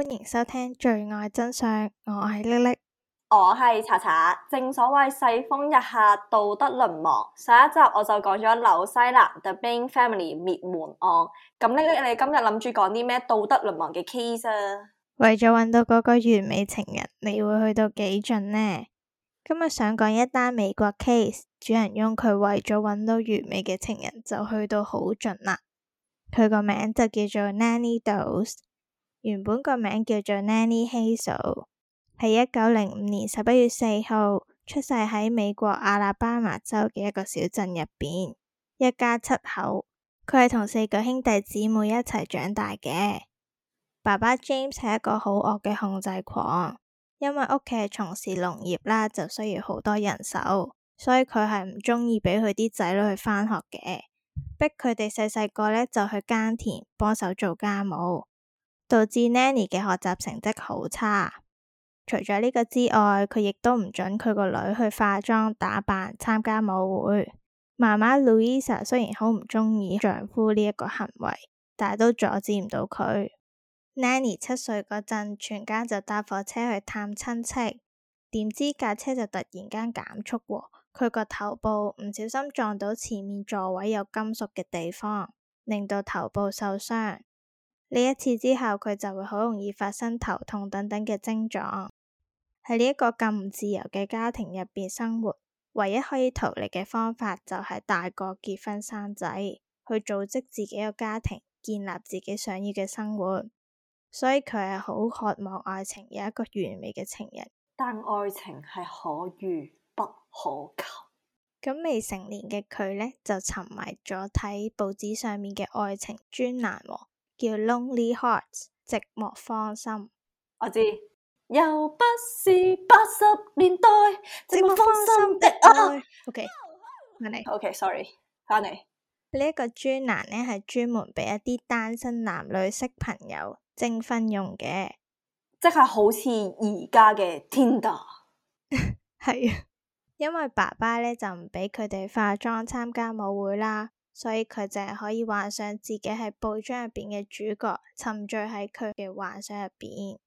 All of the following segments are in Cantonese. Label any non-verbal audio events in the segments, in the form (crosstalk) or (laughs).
歡迎收聽《罪愛真相》，我係 Lily，我係查查。正所謂世風日下，道德淪亡。上一集我就講咗紐西蘭 The Bain Family 滅門案。咁 Lily，你今日諗住講啲咩道德淪亡嘅 case 啊？為咗搵到嗰個完美情人，你會去到幾盡呢？今日想講一單美國 case，主人翁佢為咗搵到完美嘅情人，就去到好盡啦。佢個名就叫做 Nannie Doss。原本個名叫做 Nanny Hazel，係一九零五年十一月四號出世喺美國阿拉巴馬州嘅一個小鎮入邊，一家七口。佢係同四個兄弟姊妹一齊長大嘅。爸爸 James 係一個好惡嘅控制狂，因為屋企係從事農業啦，就需要好多人手，所以佢係唔鍾意畀佢啲仔女去返學嘅，逼佢哋細細個呢，就去耕田，幫手做家務。導致 Nanny 嘅學習成績好差。除咗呢個之外，佢亦都唔准佢個女去化妝打扮、參加舞會。媽媽 Louisa 雖然好唔鍾意丈夫呢一個行為，但係都阻止唔到佢。Nanny 七歲嗰陣，全家就搭火車去探親戚，點知架車就突然間減速喎。佢個頭部唔小心撞到前面座位有金屬嘅地方，令到頭部受傷。呢一次之後，佢就會好容易發生頭痛等等嘅症狀。喺呢一個咁唔自由嘅家庭入邊生活，唯一可以逃離嘅方法就係大個結婚生仔，去組織自己嘅家庭，建立自己想要嘅生活。所以佢係好渴望愛情，有一個完美嘅情人。但愛情係可遇不可求。咁未成年嘅佢呢，就沉迷咗睇報紙上面嘅愛情專欄喎。叫 Hearts，《Lonely Hearts》，寂寞芳心。我知又不是八十年代寂寞芳心的哦。O K，翻嚟。O K，Sorry，翻嚟。Okay, sorry，專呢專一個專欄咧係專門俾一啲單身男女識朋友徵婚用嘅，即係好似而家嘅 Tinder。係、 (laughs) 啊，因為爸爸咧就唔畀佢哋化妝參加舞會啦。所以佢就係可以幻想自己係報章入邊嘅主角，沉醉喺佢嘅幻想入邊。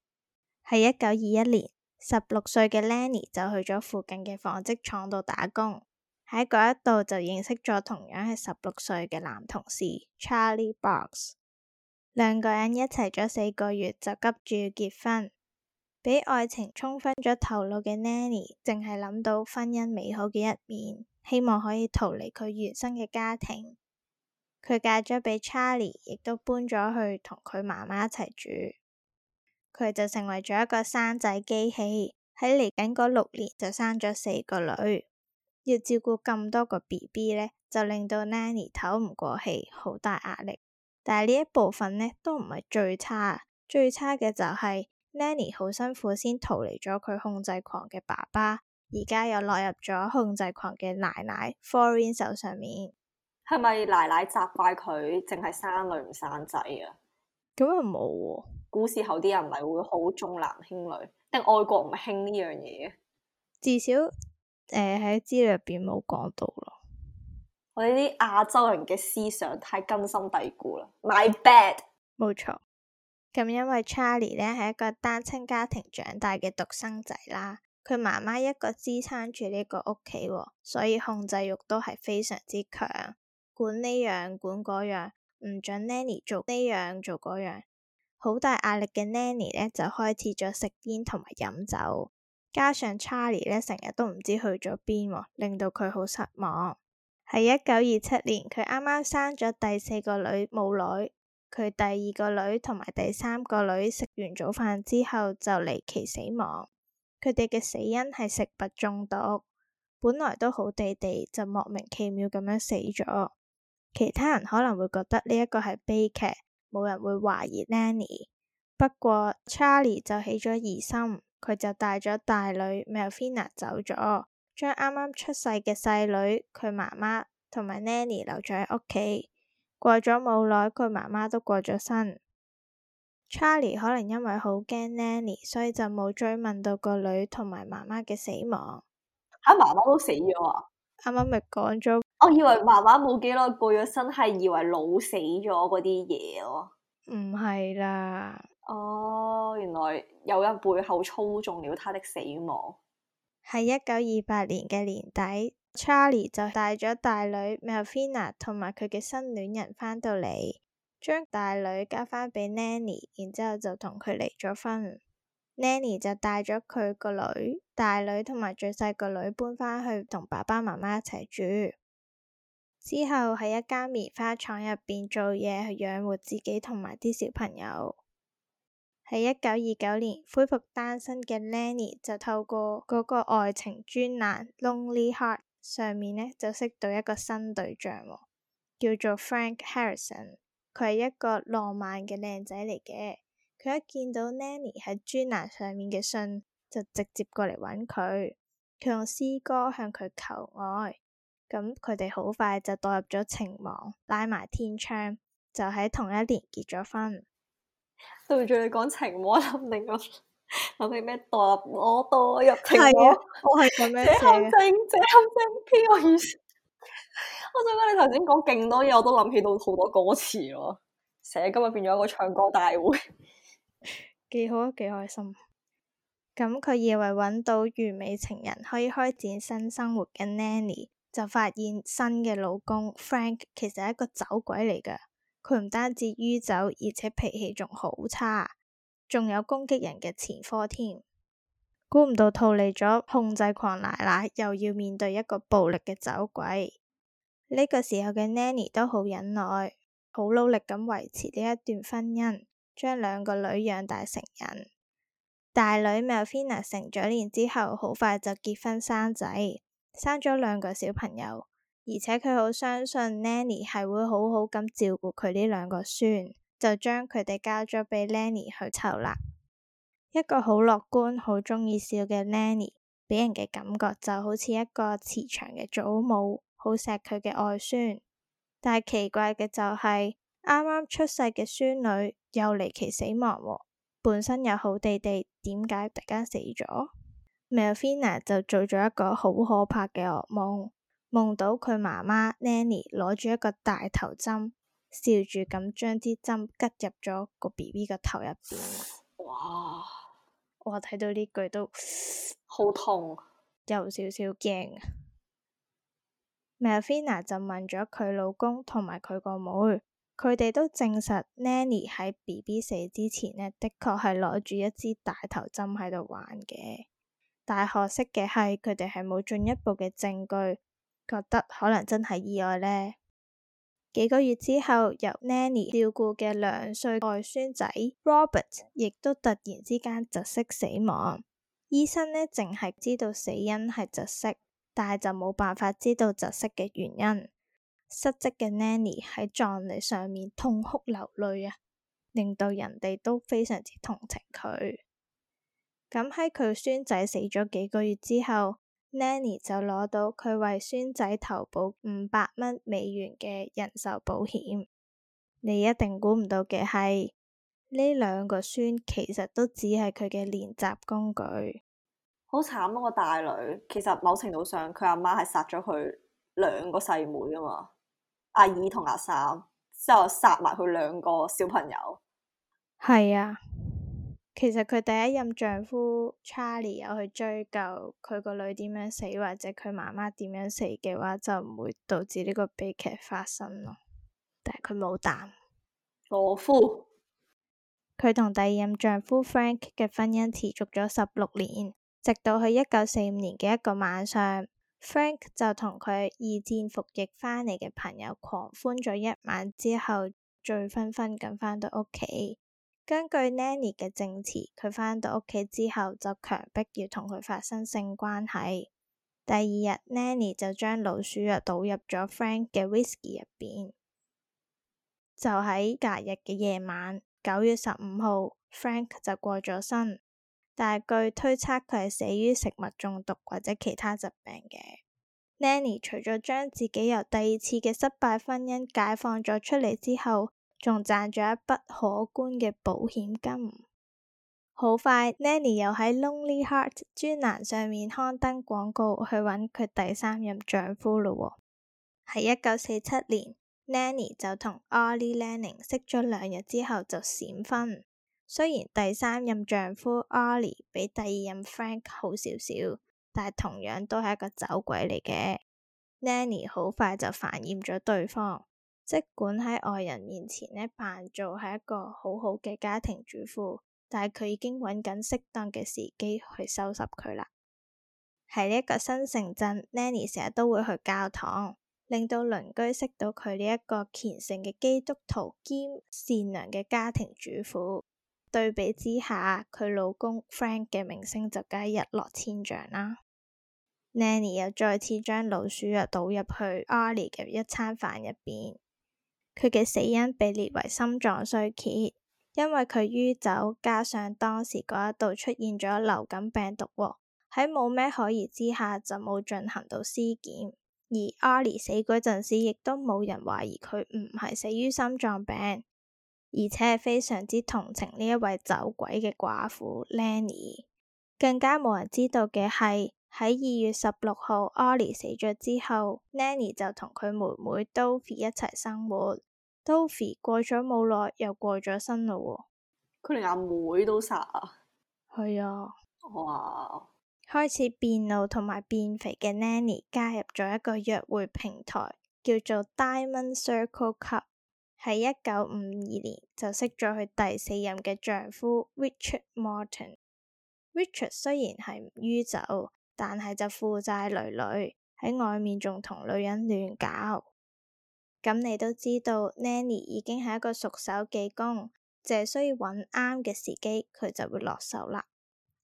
喺一九二一年，十六歲嘅 Nannie 就去咗附近嘅紡織廠度打工，喺嗰一度就認識咗同樣係十六歲嘅男同事 Charlie Box。兩個人一齊咗四個月，就急住要結婚。俾愛情沖昏咗頭腦嘅 Nannie，淨係諗到婚姻美好嘅一面，希望可以逃離佢原生嘅家庭。佢嫁咗畀查理，亦都搬咗去同佢媽媽一齊住。佢就成為咗一個生仔機器，喺嚟緊嗰六年就生咗四個女，要照顧咁多個 B B 呢，就令到 Nanny 透唔過氣，好大壓力。但係呢一部分呢，都唔係最差，最差嘅就係、是、Nanny 好辛苦先逃離咗佢控制狂嘅爸爸，而家又落入咗控制狂嘅奶奶 Foreign 手上面。係咪奶奶責怪佢淨係生女唔生仔啊？咁又冇喎。古時候啲人咪會好重男輕女，定外國唔興呢樣嘢？至少誒喺資料入邊冇講到咯。我哋啲亞洲人嘅思想太根深蒂固啦。My bad，冇錯咁，因為 Charlie 咧係一個單親家庭長大嘅獨生仔啦，佢媽媽一個支撐住呢個屋企喎，所以控制慾都係非常之強。管呢樣管嗰樣，唔准 Nanny 做呢樣做嗰樣，好大壓力嘅 Nanny 呢，就開始咗食煙同埋飲酒，加上 Charlie 呢成日都唔知去咗邊，令到佢好失望。喺一九二七年，佢啱啱生咗第四個女冇耐，佢第二個女同埋第三個女食完早飯之後就離奇死亡，佢哋嘅死因係食物中毒，本來都好地地就莫名其妙咁樣死咗。其他人可能會覺得呢一個係悲劇，冇人會懷疑 Nanny。不過 Charlie 就起咗疑心，佢就帶咗大女 Melvina 走咗，將啱啱出世嘅細女佢媽媽同埋 Nanny 留咗喺屋企。過咗冇耐，佢媽媽都過咗身。Charlie 可能因為好驚 Nanny，所以就冇追問到個女同埋媽媽嘅死亡。吓，媽媽都死咗啊！啱啱咪講咗，剛剛我以為媽媽冇幾耐過咗身，係以為老死咗嗰啲嘢咯。唔係啦，哦，oh，原來有人背後操縱了他的死亡。喺一九二八年嘅年底，Charlie 就帶咗大女 Melvina 同埋佢嘅新戀人返到嚟，將大女交返畀 Nannie，然之後就同佢離咗婚。Nannie 就帶咗佢個女。大女同埋最細個女搬返去同爸爸媽媽一齊住，之後喺一間棉花廠入邊做嘢，去養活自己同埋啲小朋友。喺一九二九年恢復單身嘅 Nannie 就透過嗰個愛情專欄《Lonely Heart》上面呢就識到一個新對象，叫做 Frank Harrison。佢係一個浪漫嘅靚仔嚟嘅。佢一見到 Nannie 喺專欄上面嘅信就直接過嚟揾佢，唱詩歌向佢求愛，咁佢哋好快就墮入咗情網，拉埋天窗，就喺同一年結咗婚。對住，你講情網，肯定啊！諗起咩墮我墮入情網，我係講咩事？正正正，我意思我想講你頭先講勁多嘢，我都諗起到好多歌詞咯，成日今日變咗一個唱歌大會，幾好啊，幾開心。咁佢以為揾到完美情人，可以開展新生活嘅 Nanny，就發現新嘅老公 Frank 其實係一個酒鬼嚟㗎。佢唔單止酗酒，而且脾氣仲好差，仲有攻擊人嘅前科添。估唔到逃離咗控制狂奶奶，又要面對一個暴力嘅酒鬼。呢、這個時候嘅 Nanny 都好忍耐，好努力咁維持呢一段婚姻，將兩個女養大成人。大女 Melvina 成咗年之後，好快就結婚生仔，生咗兩個小朋友。而且佢好相信 Nannie 係會好好咁照顧佢呢兩個孫，就將佢哋交咗畀 Nannie 去湊啦。一個好樂觀、好中意笑嘅 Nannie，畀人嘅感覺就好似一個慈祥嘅祖母，好錫佢嘅外孫。但係奇怪嘅就係、是，啱啱出世嘅孫女又離奇死亡喎。本身又好地地，點解突然間死咗？Melvina 就做咗一個好可怕嘅噩夢，夢到佢媽媽 Nanny 攞住一個大頭針，笑住咁將啲針吉入咗個 B B 個頭入邊。哇！我睇到呢句都好痛，有少少驚。Melvina 就問咗佢老公同埋佢個妹。佢哋都證實 Nannie 喺 BB 死之前呢，的確係攞住一支大頭針喺度玩嘅。但係可惜嘅係，佢哋係冇進一步嘅證據，覺得可能真係意外呢。幾個月之後，由 Nannie 照顧嘅兩歲外孫仔 Robert 亦都突然之間窒息死亡。醫生呢，淨係知道死因係窒息，但係就冇辦法知道窒息嘅原因。失職嘅 Nannie 喺葬禮上面痛哭流淚啊，令到人哋都非常之同情佢。咁喺佢孫仔死咗幾個月之後 (music) ，Nannie 就攞到佢為孫仔投保五百蚊美元嘅人壽保險。你一定估唔到嘅係呢兩個孫其實都只係佢嘅練習工具。好 (music) 慘咯，啊，個大女，其實某程度上佢阿媽係殺咗佢兩個細妹啊嘛。阿二同阿三，之後殺埋佢兩個小朋友。係啊，其實佢第一任丈夫 Charlie 有去追究佢個女點樣死，或者佢媽媽點樣死嘅話，就唔會導致呢個悲劇發生咯。但係佢冇膽，懦夫。佢同第二任丈夫 Frank 嘅婚姻持續咗十六年，直到去一九四五年嘅一個晚上。Frank 就同佢二戰服役返嚟嘅朋友狂歡咗一晚之後，醉醺醺咁返到屋企。根據 Nanny 嘅證詞，佢返到屋企之後就強迫要同佢發生性關係。第二日，Nanny 就將老鼠藥倒入咗 Frank 嘅 whisky 入邊。就喺隔日嘅夜晚，九月十五號，Frank 就過咗身。但係據推測，佢係死於食物中毒或者其他疾病嘅。Nanny 除咗將自己由第二次嘅失敗婚姻解放咗出嚟，之後，仲賺咗一筆可觀嘅保險金。好快，Nanny 又喺《Lonely Heart》專欄上面刊登廣告去揾佢第三任丈夫咯。喺一九四七年，Nanny 就同 Arlie Lanning 識咗兩日之後就閃婚。雖然第三任丈夫 Ali 比第二任 Frank 好少少，但係同樣都係一個酒鬼嚟嘅。Nanny 好快就煩厭咗對方，即管喺外人面前呢扮做係一個好好嘅家庭主婦，但係佢已經揾緊適當嘅時機去收拾佢啦。喺呢一個新城鎮，Nanny 成日都會去教堂，令到鄰居識到佢呢一個虔誠嘅基督徒兼善良嘅家庭主婦。對比之下，佢老公 Frank 嘅名聲就梗係一落千丈啦。Nanny 又再次將老鼠藥倒入去 Arlie 嘅一餐飯入邊。佢嘅死因被列為心臟衰竭，因為佢酗酒，加上當時嗰一度出現咗流感病毒。喺冇咩可疑之下，就冇進行到屍檢。而 Arlie 死嗰陣時，亦都冇人懷疑佢唔係死於心臟病。而且係非常之同情呢一位走鬼嘅寡婦 Nanny，更加冇人知道嘅係喺二月十六號 Ollie 死咗之後，Nanny 就同佢妹妹 Dovie 一齊生活。Dovie 過咗冇耐又過咗身嘞喎，佢連阿妹都殺啊，係啊，哇，開始變老同埋變肥嘅 Nanny 加入咗一個約會平台，叫做 Diamond Circle Club。喺一九五二年就識咗佢第四任嘅丈夫 Richard Morton。Richard 雖然係唔酗就，但係就負債累累，喺外面仲同女人亂搞。咁你都知道，Nanny 已經係一個熟手技工，就係需要揾啱嘅時機，佢就會落手啦。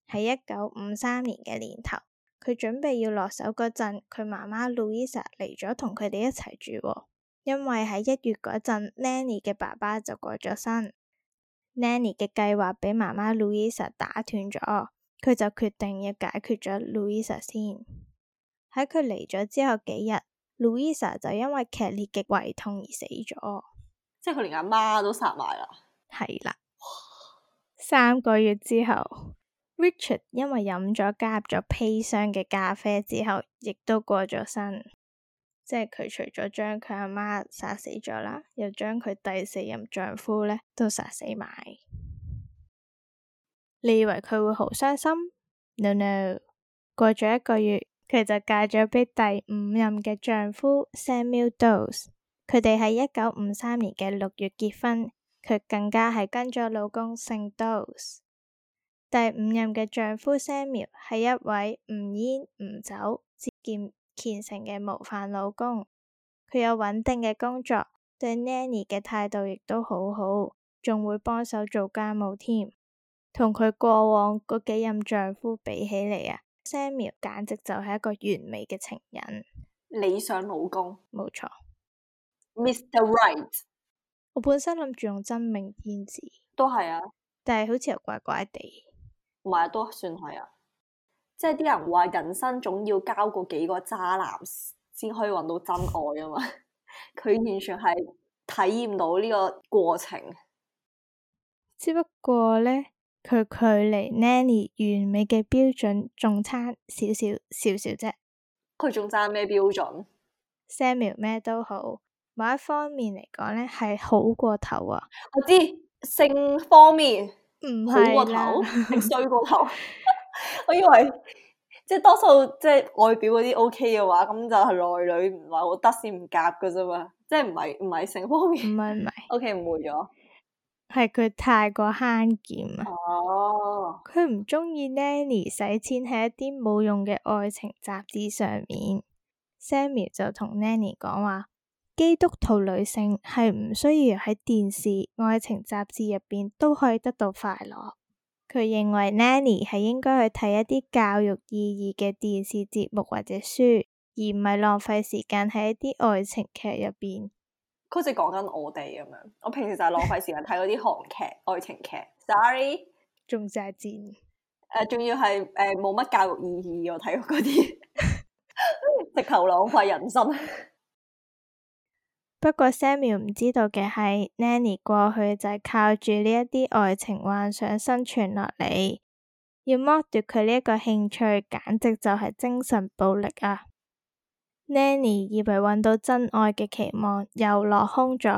喺一九五三年嘅年頭，佢準備要落手嗰陣，佢媽媽路易 u 嚟咗同佢哋一齊住，哦。因為喺一月嗰陣，Nannie 嘅爸爸就過咗身，Nannie 嘅計劃俾媽媽 Louisa 打斷咗，佢就決定要解決咗 Louisa 先。喺佢嚟咗之後幾日，Louisa 就因為劇烈嘅胃痛而死咗，即係佢連阿媽都殺埋啦。係啦了，哇三個月之後，Richard 因為飲咗加入咗砒霜嘅咖啡之後，亦都過咗身。即係佢除咗將佢阿媽殺死咗啦，又將佢第四任丈夫咧都殺死埋。你以為佢會好傷心？No no。過咗一個月，佢就嫁咗俾第五任嘅丈夫 Samuel Doss。佢哋喺一九五三年嘅六月結婚，佢更加係跟咗老公姓 Doss。第五任嘅丈夫 Samuel 係一位唔煙唔酒，只劍。虔誠嘅模範老公，佢有穩定嘅工作，對 Nanny 嘅態度亦都好好，仲會幫手做家務添。同佢過往嗰幾任丈夫比起嚟啊，Samuel 簡直就係一個完美嘅情人。理想老公，冇錯，Mr. Right。我本身諗住用真命天子，都係啊，但係好似又怪怪地，唔係都算係啊。即係啲人話人生總要交過幾個渣男先可以揾到真愛啊嘛，佢 (laughs) 完全係體驗到呢個過程。只不過咧，佢距離 Nannie 完美嘅標準仲差少少少少啫。佢仲差咩標準？Samuel 咩都好，某一方面嚟講咧係好過頭啊。我知性方面唔好過頭，係，衰過頭。 (laughs) (laughs) 我以為即係多數即係外表嗰啲 O K 嘅話，咁就係內裏唔話好得先唔夾噶啫嘛，即係唔係唔係成方面唔係唔係 O K 唔會咗，係佢、okay, 太過慳儉啊。哦，佢唔中意 Nannie 使錢喺一啲冇用嘅愛情雜誌上面。Samuel 就同 Nannie 講話：基督徒女性係唔需要喺電視、愛情雜誌入邊都可以得到快樂。佢認為 Nannie 係應該去睇一啲教育意義嘅電視節目或者書，而唔係浪費時間喺一啲愛情劇入邊。好似講緊我哋咁樣，我平時就係浪費時間睇嗰啲韓劇、 (laughs) 愛情劇。Sorry，仲借箭，誒，仲、呃、要係誒冇乜教育意義我睇嗰啲， (laughs) 直頭浪費人生。 (laughs) 不過 Samuel 唔知道嘅係，Nanny 過去就係靠住呢一啲愛情幻想生存落嚟，要剝奪佢呢一個興趣，簡直就係精神暴力啊！Nanny 以為揾到真愛嘅期望又落空咗，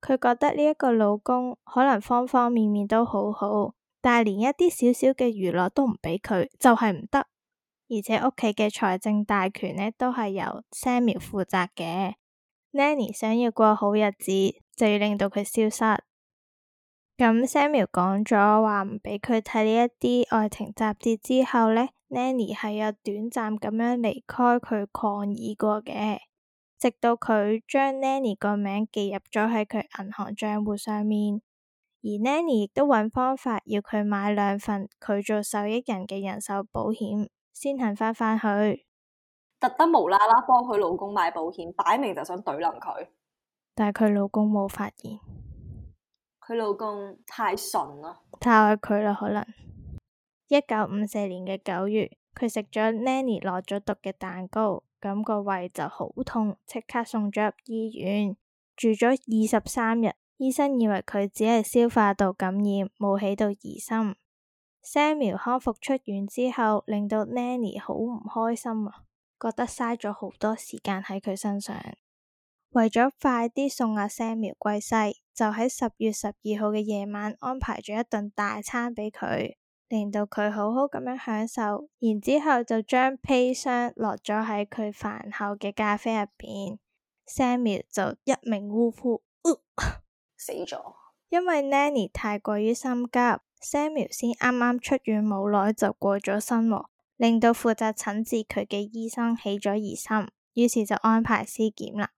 佢覺得呢一個老公可能方方面面都好好，但係連一啲少少嘅娛樂都唔俾佢，就係唔得。而且屋企嘅財政大權呢，都係由 Samuel 負責嘅。Nannie 想要過好日子，就要令到佢消失。咁 Samuel 講咗話唔畀佢睇呢一啲愛情雜誌之後咧，Nannie 係有短暫咁樣離開佢抗議過嘅，直到佢將 Nannie 個名記入咗喺佢銀行賬戶上面，而 Nannie 亦都揾方法要佢買兩份佢做受益人嘅人壽保險，先行返返去。特登無啦啦幫佢老公買保險，擺明就想毒冧佢，但係佢老公冇發現，佢老公太純啦，太愛佢啦，可能一九五四年嘅九月，佢食咗 Nannie 落咗毒嘅蛋糕，咁個胃就好痛，即刻送咗入醫院，住咗二十三日，醫生以為佢只係消化道感染，冇起到疑心。Samuel 康復出院之後，令到 Nannie 好唔開心啊！覺得嘥咗好多時間喺佢身上，為咗快啲送阿、啊、Samuel 歸西，就喺十月十二號嘅夜晚安排咗一頓大餐畀佢，令到佢好好咁樣享受。然之後就將砒霜落咗喺佢飯後嘅咖啡入邊，Samuel 就一命嗚呼，死咗。因為 Nanny 太過於心急，Samuel 先啱啱出院冇耐就過咗身喎、哦。令到負責診治佢嘅醫生起咗疑心，於是就安排屍檢啦。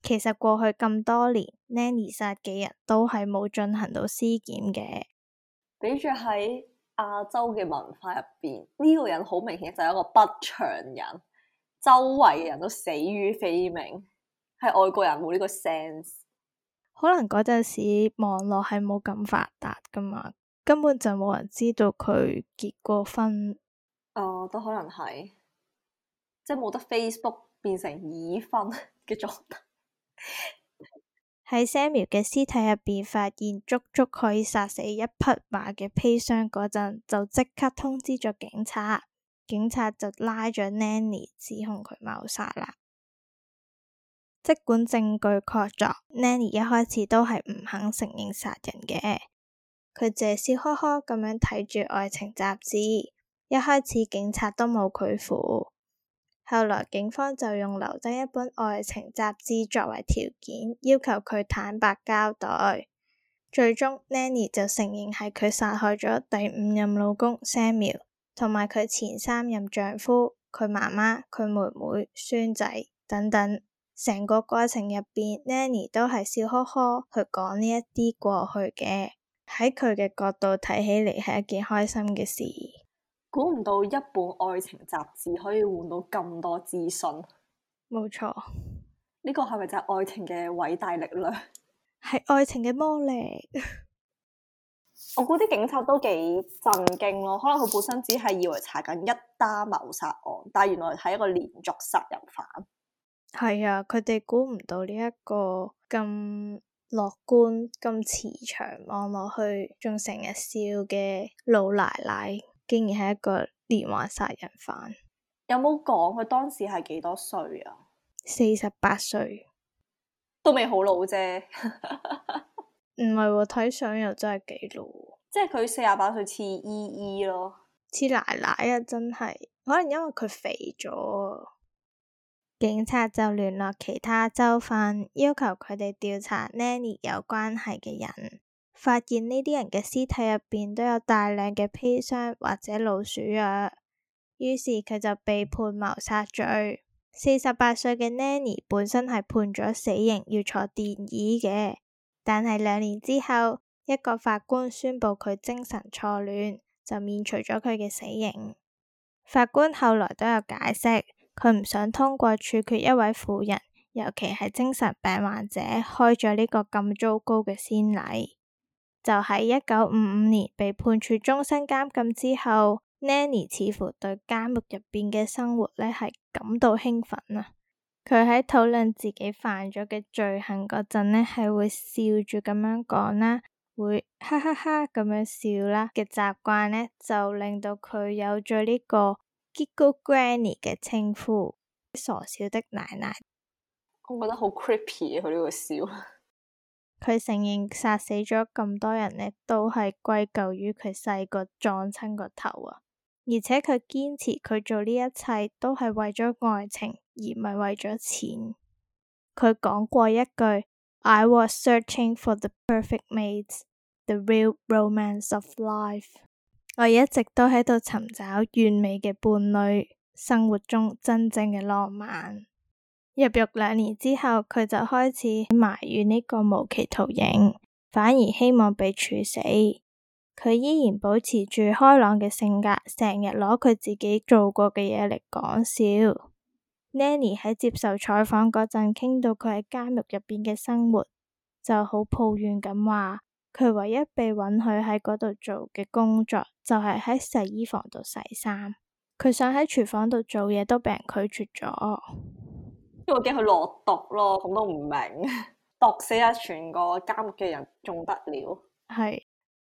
其實過去咁多年 (music) ，Nannie 殺幾日都係冇進行到屍檢嘅。比住喺亞洲嘅文化入邊，呢、這個人好明顯就係一個不祥人，周圍嘅人都死於非命，係外國人冇呢個 sense。 (music) 可能嗰陣時網絡係冇咁發達噶嘛，根本就冇人知道佢結過婚。哦，都可能係，即係冇得 Facebook 變成已婚嘅狀態。喺 Samuel 嘅屍體入邊發現足足可以殺死一匹馬嘅砒霜嗰陣，就即刻通知咗警察，警察就拉咗 Nanny 指控佢謀殺啦。儘管證據確鑿 (laughs) ，Nanny 一開始都係唔肯承認殺人嘅，佢淨係笑呵呵咁樣睇住愛情雜誌。一開始警察都冇佢符，後來警方就用留低一本愛情雜誌作為條件，要求佢坦白交代。最終 Nannie 就承認係佢殺害咗第五任老公 Samuel，同埋佢前三任丈夫、佢媽媽、佢妹妹、孫仔等等。成個過程入邊，Nannie 都係笑呵呵去講呢一啲過去嘅，喺佢嘅角度睇起嚟係一件開心嘅事。估唔到一本愛情雜誌可以換到咁多資訊，冇錯錯。呢個係咪就係愛情嘅偉大力量？係愛情嘅魔力。 (laughs) 我估啲警察都幾震驚咯。可能佢本身只係以為查緊一單謀殺案，但原來係一個連續殺人犯。係啊，佢哋估唔到呢一個咁樂觀、咁慈祥、望落去仲成日笑嘅老奶奶。竟然係一個連環殺人犯，有冇講佢當時係幾多歲啊？四十八歲都未好老啫，唔係喎，睇相又真係幾老，即係佢四十八歲似姨姨咯，似奶奶啊，真係。可能因為佢肥咗。警察就聯絡其他州份，要求佢哋調查 Nannie 有關係嘅人。發現呢啲人嘅屍體入邊都有大量嘅砒霜或者老鼠藥，於是佢就被判謀殺罪。四十八歲嘅 Nannie 本身係判咗死刑，要坐電椅嘅，但係兩年之後，一個法官宣布佢精神錯亂，就免除咗佢嘅死刑。法官後來都有解釋，佢唔想通過處決一位婦人，尤其係精神病患者，開咗呢個咁糟糕嘅先例。就喺一九五五年被判處終身監禁之後，Nannie 似乎對監獄入邊嘅生活呢係感到興奮啦。佢喺討論自己犯咗嘅罪行嗰陣呢，係會笑住咁樣講啦，會哈哈哈咁樣笑啦嘅習慣呢，就令到佢有咗呢個 Giggling Granny 嘅稱呼，傻笑的奶奶。我覺得好 creepy 啊，佢呢個笑。佢承認殺死咗咁多人咧，都係歸咎於佢細個撞親個頭啊！而且佢堅持佢做呢一切都係為咗愛情，而唔係為咗錢。佢講過一句：I was searching for the perfect mate，the real romance of life。我一直都喺度尋找完美嘅伴侶，生活中真正嘅浪漫。入獄兩年之後，佢就開始埋怨呢個無期徒刑，反而希望被處死。佢依然保持住開朗嘅性格，成日攞佢自己做過嘅嘢嚟講笑。Nanny 喺接受採訪嗰陣，傾到佢喺監獄入邊嘅生活，就好抱怨咁話，佢唯一被允許喺嗰度做嘅工，工作，就係喺洗衣房度洗衫。佢想喺廚房度做嘢，都被人拒絕咗。因為驚佢落毒咯，咁都唔明，毒死啊！全個監嘅人仲得了。係，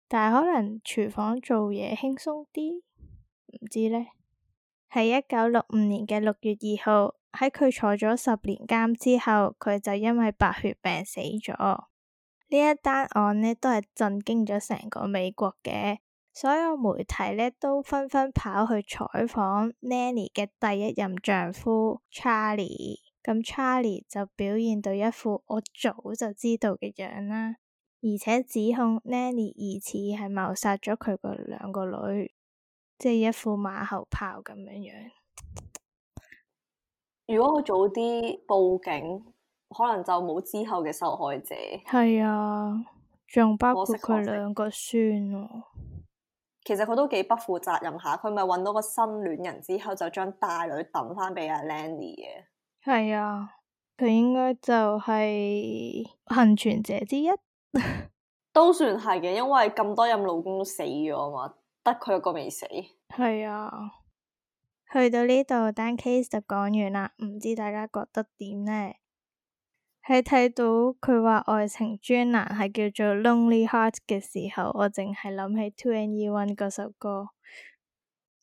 但係可能廚房做嘢輕鬆啲，唔知咧。喺一九六五年嘅六月二號，喺佢坐咗十年監之後，佢就因為白血病死咗。呢一單案呢，都係震驚咗成個美國嘅所有媒體呢，都紛紛跑去採訪 Nannie 嘅第一任丈夫 Charlie。咁查理就表現到一副我早就知道嘅樣啦，而且指控 Nanny 疑似係謀殺咗佢個兩個女，即係一副馬後炮咁樣樣。如果佢早啲報警，可能就冇之後嘅受害者。係啊，仲包括佢兩個孫啊。其實佢都幾不負責任下，佢咪揾到個新戀人之後，就將大女抌返畀阿 Nanny 嘅。係啊，佢應該就係幸存者之一， (laughs) 都算係嘅，因為咁多任老公都死咗啊嘛，得佢一個未死。係啊，去到呢度，單 case 就講完啦，唔知大家覺得點呢？喺睇到佢話愛情專難係叫做《Lonely Heart》嘅時候，我淨係諗起2011嗰首歌。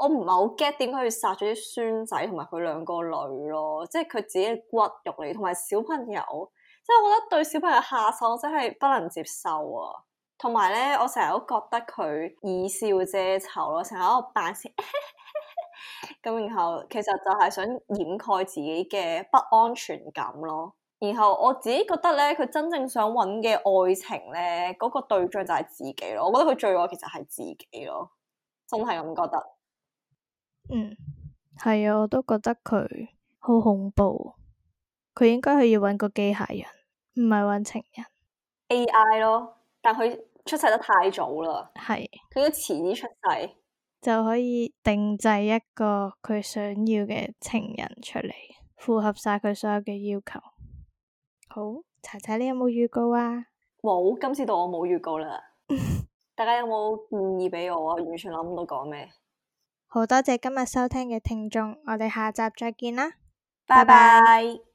我唔係好 get 點解要殺咗啲孫仔同埋佢兩個女咯，即係佢自己骨肉嚟，同埋小朋友，即係我覺得對小朋友下手真係不能接受啊！同埋咧，我成日都覺得佢以笑遮醜咯，成日喺度扮笑，咁然後其實就係想掩蓋自己嘅不安全感咯。然後我自己覺得咧，佢真正想揾嘅愛情咧，嗰個對象就係自己咯。我覺得佢最愛其實係自己咯，真係咁覺得。嗯，係啊，我都覺得佢好恐怖。佢應該係要搵個機械人，唔係搵情人 AI 咯。但佢出世得太早啦，係佢都遲啲出世就可以定製一個佢想要嘅情人出嚟，符合晒佢所有嘅要求。好，查查你有冇預告啊？冇，今次到我冇預告啦。 (laughs) 大家有冇建議畀我啊？完全諗唔到講咩。好多謝今日收聽嘅聽眾，我哋下集再見啦，拜拜 bye。Bye bye